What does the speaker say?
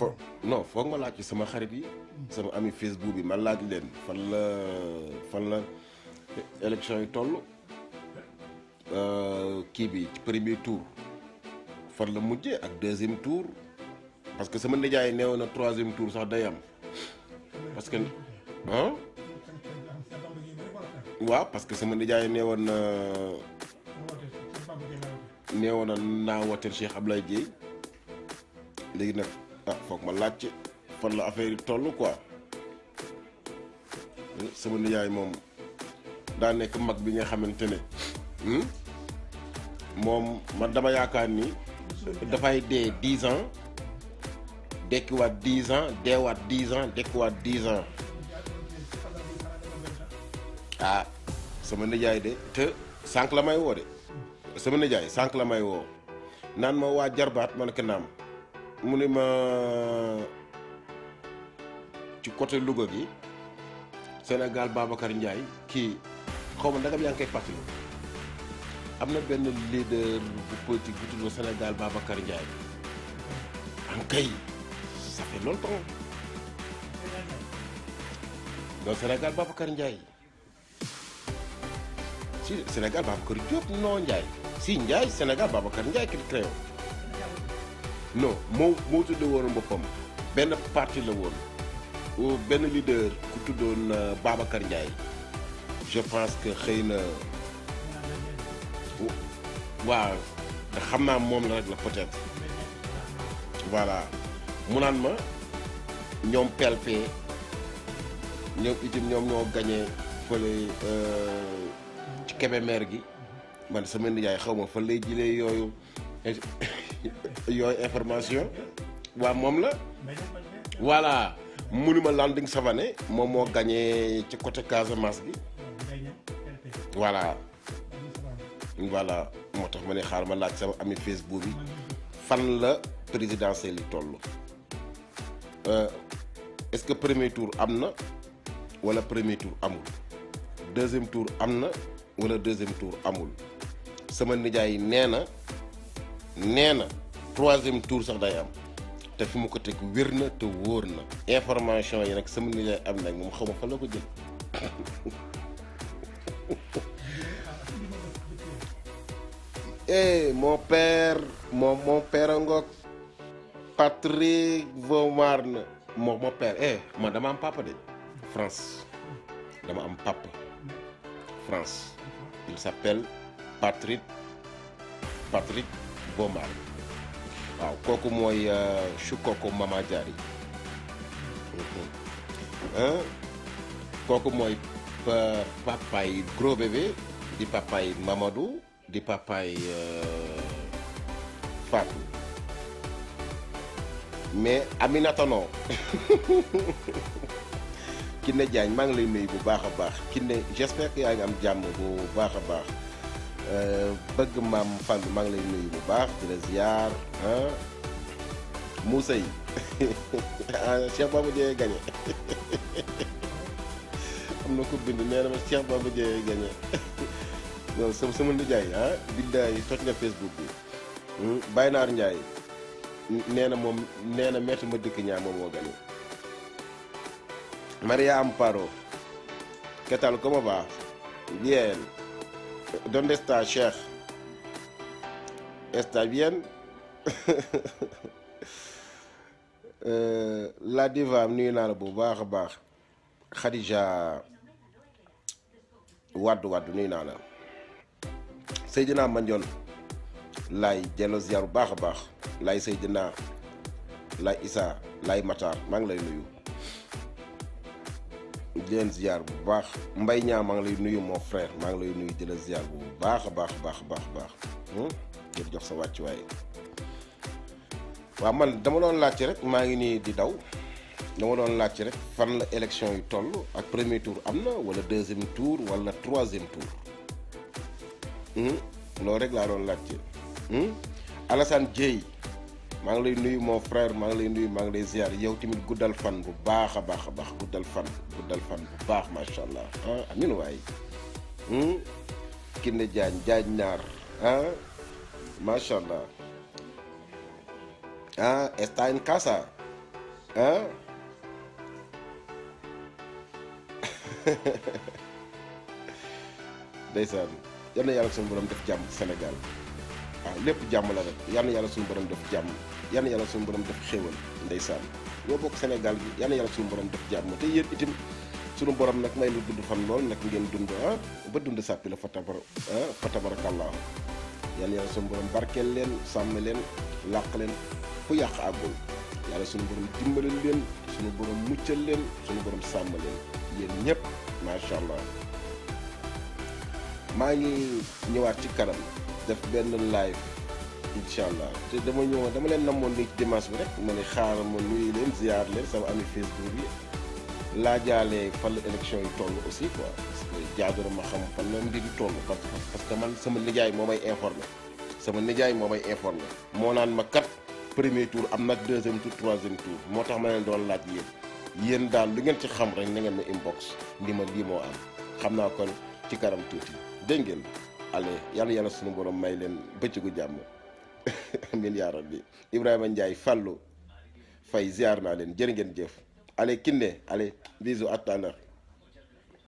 fo non foog ma laaj ci sama xarit yi. sama ami Facebook bi ma laaj leen fan la fan la élection yi toll euh, kii bi ci premier tour fan la mujjee ak deuxième tour parce que sama nijaay neewoon na troisième tour sax day am parce que waaw parce que sama nijaay neewoon na neewoon na naa wooteel Cheikh Ablaye Dieye léegi nag. ah foog ma laajte fan la affaire yi toll quoi eh, sama nijaay moom daa nekk mag bi nga xamante ne hmm? moom man dama yaakaar ni dafay dee dix ans dekkiwaat dix ans deewaat dix ans dekkiwaat dix ans ah sama nijaay de te sànq la may woo de sama nijaay sànq la may woo naan ma waa jarbaat man ko naam mu ni ma ci côté Louga gi Sénégal Babacar Ndiaye ki xaw ma ndagam yaa ngi koy fàttali am na benn leader bu politique bu tudd Sénégal Babacar Ndiaye am kay ça fait longtemps Sénégal Babacar Ndiaye si Sénégal Babacar Diop non Ndiaye si Ndiaye Sénégal Babacar Ndiaye ki créé non moo moo tudde woon boppam benn parti la woon benn leader ku tuddoon euh, Babacar Ndiaye je pense que xëy na waaw xam naa moom la rek la peut voilà mu ma ñoom PLP ñoom itam ñoom ñoo gañee fële euh, ci Kébémer gi man sama nijaay xaw ma fa lay jëlee yooyu yooyu information waa moom la voilà Monument Landing Savané moom moo gagné ci côté Casamance bi voilà voilà moo tax ma ne xaar ma laaj sama ami Facebook bi fan la présidentielle yi toll euh, est-ce que premier tour am na wala premier tour amul deuxième tour am na wala deuxième tour amul sama nijaay nee na nee na troisième tour sax day am te fi mu ko teg wér na te wóor na information yi nag sama nijaay am nag moom xaw ma fa la ko jël eh mon père moom mon père ngoog Patrick Vomarne moom mon père eh man dama am papa de France dama am papa France il s'appelle Patrick Patrick Bomar waaw kooku mooy euh, Choukoko Mama Diary euh, kooku mooy papaay gros bébé di papaay Mamadou di papaay euh, Fatou mais Aminata non Kiné maa ngi lay nuyu bu baax a baax Kiné j'espère que am jàmm bu baax a baax Euh, bëgg maam Fall maa mag lay bu baax di la ziar ah Moussa yi ah Cheikh Bamba am na ko bind nee na ma Cheikh Bamba Dieye gagné loolu sama sama nijaay ah biddaay toj nga Facebook bi hmm? Baye Naar Ndiaye na moom nee na ma dëkk ñaa moom moo gagné Maria Amparo, ¿qué tal? ¿Cómo va? Bien. ¿Dónde está Sheikh? ¿Está bien? Eh, la diva am nuyu naa la bu baax a baax Khadija Waddu Waddu nuyu naa la Seydina Mandione lay delloo ziar bu baax a baax laay Seydina laay Issa laay Matar maa ngi lay nuyu. di leen ziar bu baax mbay ñaa maa ngi lay nuyu moo frère maa ngi lay nuyu di la ziar bu baax a baax baax baax baax ngir hmm? jox sa wàccuwaay waaw man dama doon laajte rek maa ngi nii di daw dama doon làcc rek fan la élection yu toll ak premier tour am na wala deuxième tour walla troisième tour hmm? loolu rek laa doon laajte hmm? Alassane Dieye maa ngi lay nuyu mon frère maa ngi lay nuyu maa ngi yow tamit guddal fan bu baax a baax a baax guddal fan guddal fan bu baax macha allah ah amin waay hmm? Kiné Diagne Diagne ñaar ah macha allah ah está en casa ah ndeysaan yal na yàlla ak seen borom def jàmm Sénégal waaw lépp jàmm la rek yàlla suñu borom def jàmm yal na yàlla suñu borom def xéewal ndeysaan ñoo bokk Sénégal bi yal na yàlla suñu borom def jàmm te yéen itam suñu borom nag may lu dund fan lool nag ngeen dund ah, ba dund sàppi la fa tabar ah, fa tabarakallaahu yal na yàlla suñu borom barkeel leen sàmm leen làq leen fu yàq àggul yàlla suñu borom dimbalal suñu borom muccal leen suñu borom sàmm leen yéen ñëpp macha allah maa ngi ñëwaat ci kanam. def benn live incha allah te dama ñëw dama leen namoon nii ci dimanche bi rek ma ne xaaral ma nuyu leen ziar leen sama ami Facebook yi laajaale fan la élection yi toll aussi quoi parce que jaadu na ma xam fan la mbir yi toll parce que man sama nijaay moo may informé sama nijaay moo may informé moo naan ma kat premier tour am nag deuxième tour troisième tour moo tax ma leen doon laaj yéen yéen daal lu ngeen ci xam rek na ngeen ma inbox ni ma lii moo am xam naa ko ci kanam tuuti dégg ngeen. ale yàlla yàlla sunu borom may leen bëccëgu jàmm amin yaa rabbi Ibrahima Ndiaye fàllu fay ziar na leen jërë ngeen jëf ale kinne ale bisu attanar